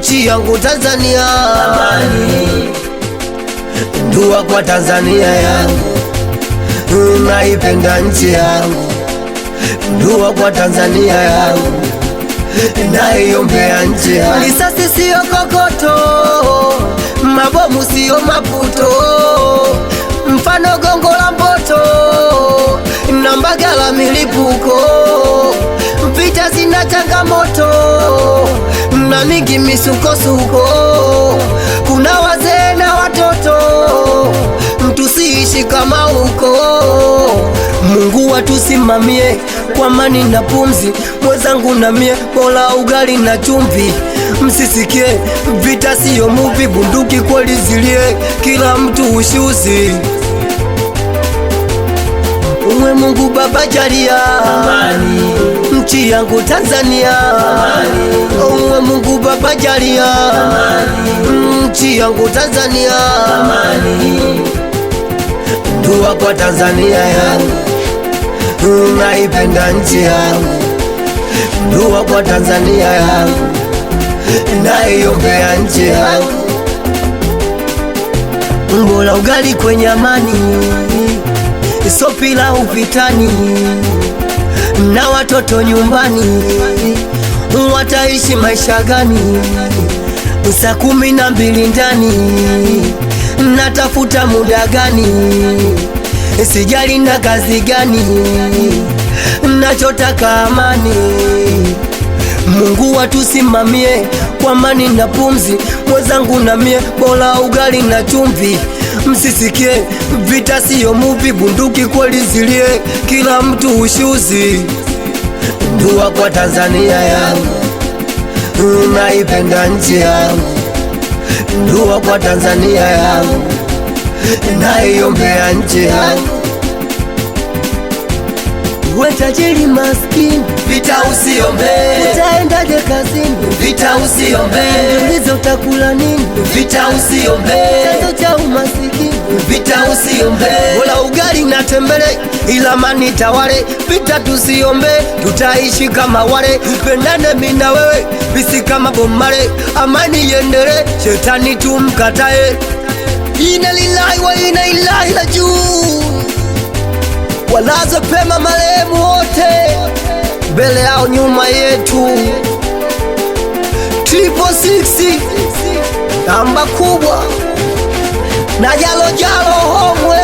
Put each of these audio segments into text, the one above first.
nchi yangu Tanzania, amani kwa Tanzania yangu, naipenda nchi yangu, ndua kwa Tanzania yangu, naiombea nchi yangu. Risasi siyo kokoto, mabomu siyo maputo, mfano gongo la mboto na Mbagala milipuko, mpita zina changamoto kuna mingi misukosuko, kuna wazee na watoto, mtu siishi kama uko. Mungu watusimamie kwa amani na pumzi, mwenzangu na mie, ugali na chumvi. Msisikie vita siyo muvi, bunduki kweli zilie, kila mtu ushuzi. Uwe Mungu Baba jalia amani nchi yangu Tanzania, omwe Mungu Baba jalia nchi yangu Tanzania, dua kwa Tanzania yangu, naipenda nchi yangu, dua kwa Tanzania yangu, naiombea nchi yangu, mbola ugali kwenye amani, sio pilau na watoto nyumbani wataishi maisha gani? Saa kumi na mbili ndani natafuta muda gani? Sijali na kazi gani? Nachotaka amani. Mungu watusimamie kwa amani na pumzi, mwenzangu na mie, bora ugali na chumvi msisikie vita siyo muvi, bunduki kweli zilie, kila mtu ushuzi. Ndua kwa Tanzania yangu, naipenda nchi yangu. Ndua kwa Tanzania yangu, naiombea nchi yangu We tajiri maskini, vita usiombe Unaendaje kazini? Vita usiombe. Uliza utakula nini? Vita usiombe. Chanzo cha umasikini? Vita usiombe. Bora ugali na tembele ila mani tawale. Vita tusiombe, tutaishi kama wale. Tupendane mimi na wewe, bisi kama bomare. Amani iendelee, shetani tumkatae. Inna lillahi wa inna ilaihi rajiun. Walaza pema marehemu wote mbele yao, nyuma yetu. Lipo siksi namba kubwa na Jalojalo jalo homwe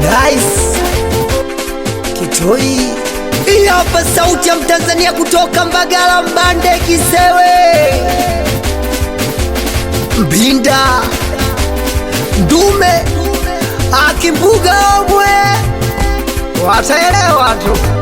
Nice Kitoi. Hii hapa sauti ya Mtanzania kutoka Mbagala Mbande Kisewe Mbinda Ndume Akimbuga omwe, wataelewa tu.